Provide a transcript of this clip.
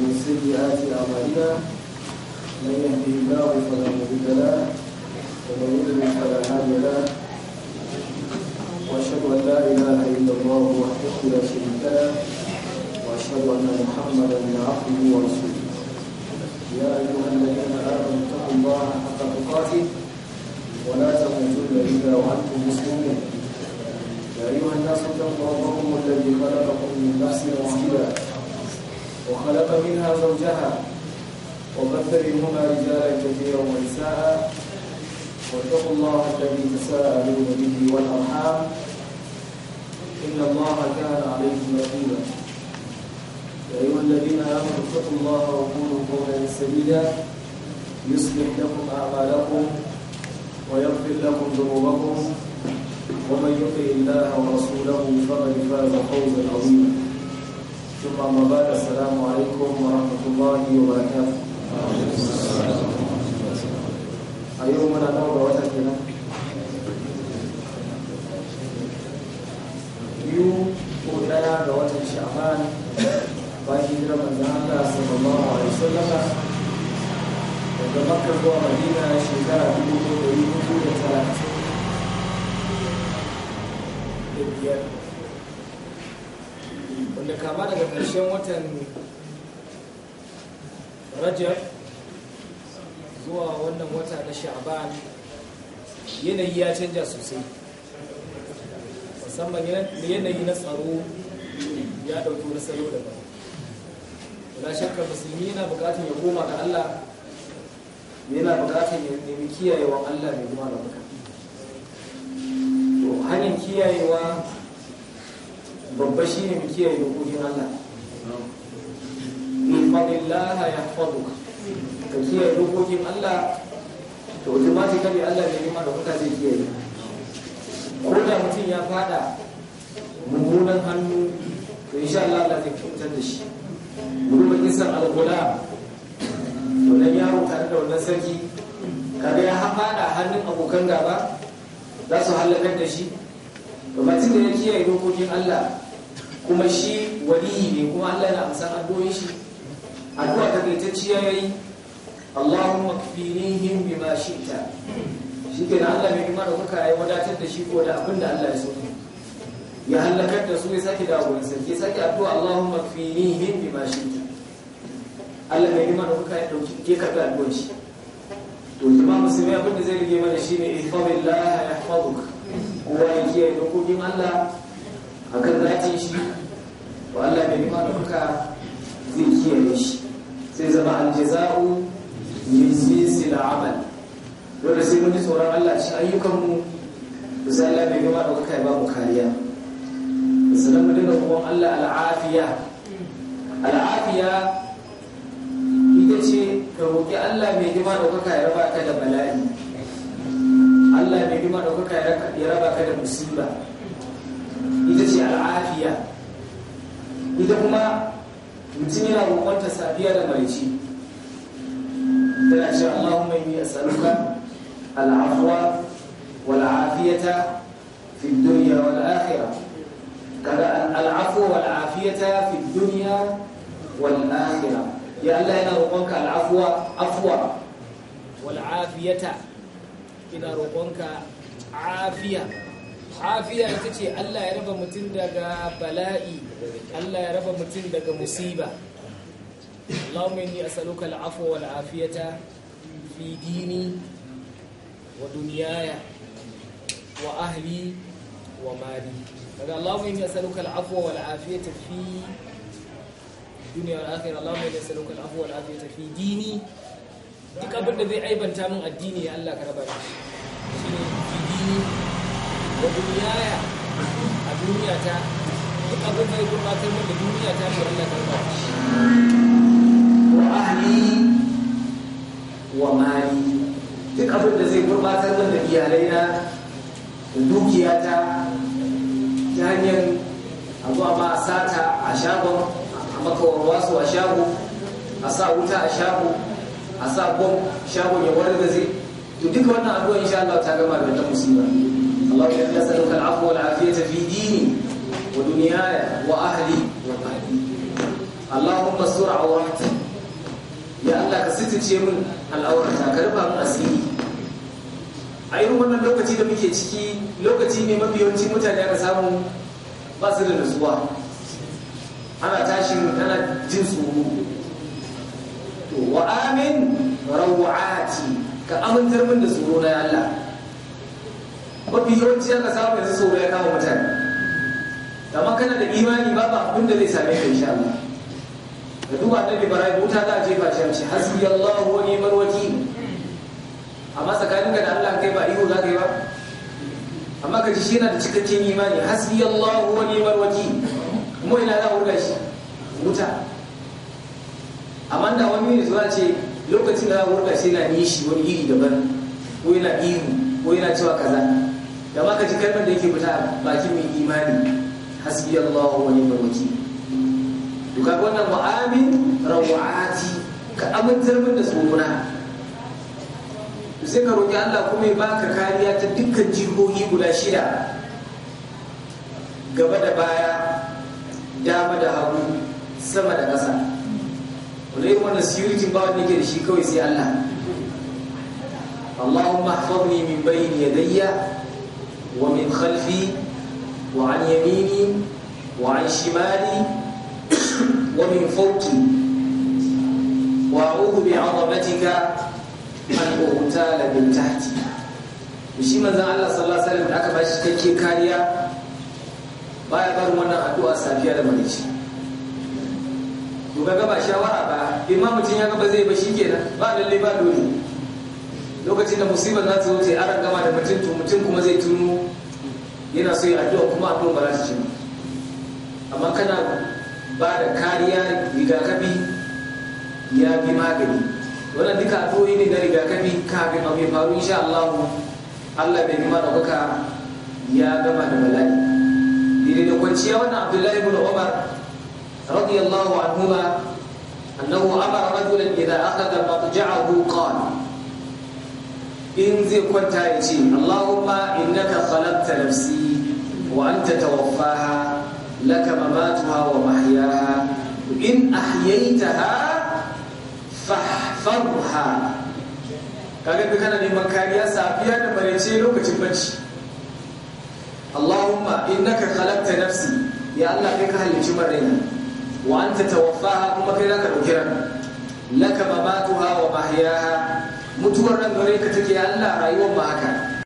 ومن سيئات أعمالنا من يهدي الله فلا مضل له ومن يضلل فلا هادي له وأشهد أن لا إله إلا الله وحده لا شريك له وأشهد أن محمدا عبده ورسوله يا أيها الذين آمنوا اتقوا الله حق تقاته ولا تموتن إلا وأنتم مسلمون يا أيها الناس اتقوا ربكم الذي خلق منها زوجها وبث منهما رجالا كثيرا ونساء واتقوا الله الذي تساءلون به والارحام ان الله كان عليكم رقيبا يا ايها الذين امنوا اتقوا الله وكونوا قولا سديدا يصلح لكم اعمالكم ويغفر لكم ذنوبكم ومن يطع الله ورسوله فقد فاز فوزا عظيما ثم أما بعد السلام عليكم ورحمة الله وبركاته أيوم أنا نوع بواتك هنا biyu ko ɗaya ga watan sha'ban bayan jira manzan Allah sallallahu alaihi wasallama daga makka zuwa madina da kama daga ƙarshen watan rajab zuwa wannan wata na sha'ban yanayi ya canja sosai musamman yanayi na tsaro ya ɗauki wani salo daban na shakka musulmi yana bukatar ya koma ga Allah yana bukatar ya nemi kiyayewa Allah mai ruwa da to hanyar kiyayewa babba shi ne mu kiyaye dokokin Allah ya yahfaduka ka kiyaye dokokin Allah to automatically Allah ne ma da kuka zai kiyaye ko da mutum ya fada mummunan hannu to insha Allah Allah zai kyautar da shi duba kisan al-gulam wannan yaro tare da wannan sarki Kada ya fada hannun abokan gaba za su hallakar da shi to mutum da ya kiyaye dokokin Allah kuma shi waliyi ne kuma Allah yana amsan addu'o'in shi addu'a kai ta takaitacciya yayi Allahumma kfinihim bima shi'ta shikenan Allah mai imani kuka yi wadatar da shi ko da abin da Allah ya so ya halakar da su ya sake dawo ne sarki sake addu'a Allahumma kfinihim bima shi'ta Allah mai imani kuka ya dauki ke karɓi addu'ar shi to imam musulmi abin da zai rige mana shine ihfazillaha yahfazuka kowa ya kiyaye dokokin Allah akan zatin shi to Allah bai kuma da kuka zai kiyaye shi sai zama aljaza'u min jinsil dole sai mun tsoron Allah shi ayyukanmu. mu to sai Allah bai kuma da kuka ya ba mu kariya sannan mu dinga kuma Allah al'afiya al'afiya ita ce ka roƙi Allah mai hima da kuka ya raba ka da bala'i Allah mai hima da kuka ya raba ka da musiba ita ce al'afiya ita kuma mutum yana roƙonta safiya da maraici tana cewa Allahumma inni as'aluka al-afwa wal afiyata fi dunya wal akhirah kaga al-afwa wal afiyata fi dunya wal akhirah ya Allah yana roƙonka al'afuwa afwa afwa wal ina roƙonka afiya afiya ita ce Allah ya raba mutum daga bala'i Allah ya raba mutum daga musiba Allahumma inni as'aluka al'afwa wal afiyata fi dini wa dunyaya wa ahli wa mali daga Allahumma inni as'aluka al'afwa wal afiyata fi dunya wal akhirah Allahumma inni as'aluka al'afwa wal afiyata fi dini duk abin da zai aibanta min addini ya Allah ka raba shi wa duniyaya a duniya ta duk abin da ya gurbatar da duniya ta ce Allah karba wa ahli wa mali duk abin da zai gurbatar da iyalaina da dukiya ta hanyar abu a sata a shagon a makawarwa su a shago a sa wuta a shago a sa bom shagon ya wargaze to duka wannan abuwa insha Allah ta gama da wata musulman اللهم إنا نسألك العفو والعافية في ديني ودنياي وأهلي ومالي اللهم استر عوراتي ya Allah ka sitice min al'aurata ka rufa min asiri a wannan lokaci da muke ciki lokaci ne mafi yawanci mutane aka samu ba su da nutsuwa ana tashi ana jin tsoro to wa amin rawati ka amintar min da tsoro na Allah mafi yawanci aka samu yanzu sau da ya kawo mutane amma kana da imani babu abin da zai same ka insha Allah da duba annabi barai wuta za a jefa shi amshi hasbi Allah wa ni'mal wakil amma tsakanin ka da Allah kai ba ihu za ka yi ba amma ka ji shi yana da cikakken imani hasbi Allah wa ni'mal wakil mu ina za mu shi wuta amma da wani ne zuwa ce lokacin da za mu shi na nishi wani iri daban ko yana ihu ko yana cewa kaza da ba ka ji kalmar da yake fita baki mai imani hasbi Allah wa ni'mal wakil to kaga wannan wa amin rawati ka amintar min da tsokuna sai ka roki Allah kuma ya baka kariya ta dukkan jihohi guda shida gaba da baya dama da hagu sama da ƙasa wani wannan siyurjin ba wani yake da shi kawai sai Allah Allahumma ihfazni min bayni yadayya ومن خلفي وعن يميني وعن شمالي ومن فوقي وأعوذ بعظمتك أن أغتال من تحتي shi manzan Allah sallallahu alaihi da aka shi cikakken kariya baya barin wannan addu'a safiya da marici to ga ba shawara ba imam mutum ya ga ba zai ba shikenan ba lalle ba dole lokacin da musibar za ta zo ta gama da mutum to mutum kuma zai tuno yana so ya addu'a kuma addu'a ba za ta ci amma kana ba da kariya rigakafi ya bi magani wannan duka addu'o'i ne na rigakafi kafin abu ya faru insha Allah Allah bai nima da kuka ya gama da bala'i dire da kwanciya wannan Abdullahi ibn Umar radiyallahu anhu annahu amara rajulan idza akhadha matja'ahu qala in zai kwanta ya ce Allahumma innaka khalaqta nafsi wa anta tawaffaha laka mamatuha wa mahyaha in ahyaytaha fahfadha kaga kana neman kariya safiya da marece lokacin bacci Allahumma innaka khalaqta nafsi ya Allah kai ka halicci maraina wa anta tawaffaha kuma kai zaka dauki ran laka mamatuha wa mahyaha mutuwar nan gare ka take Allah rayuwar ba haka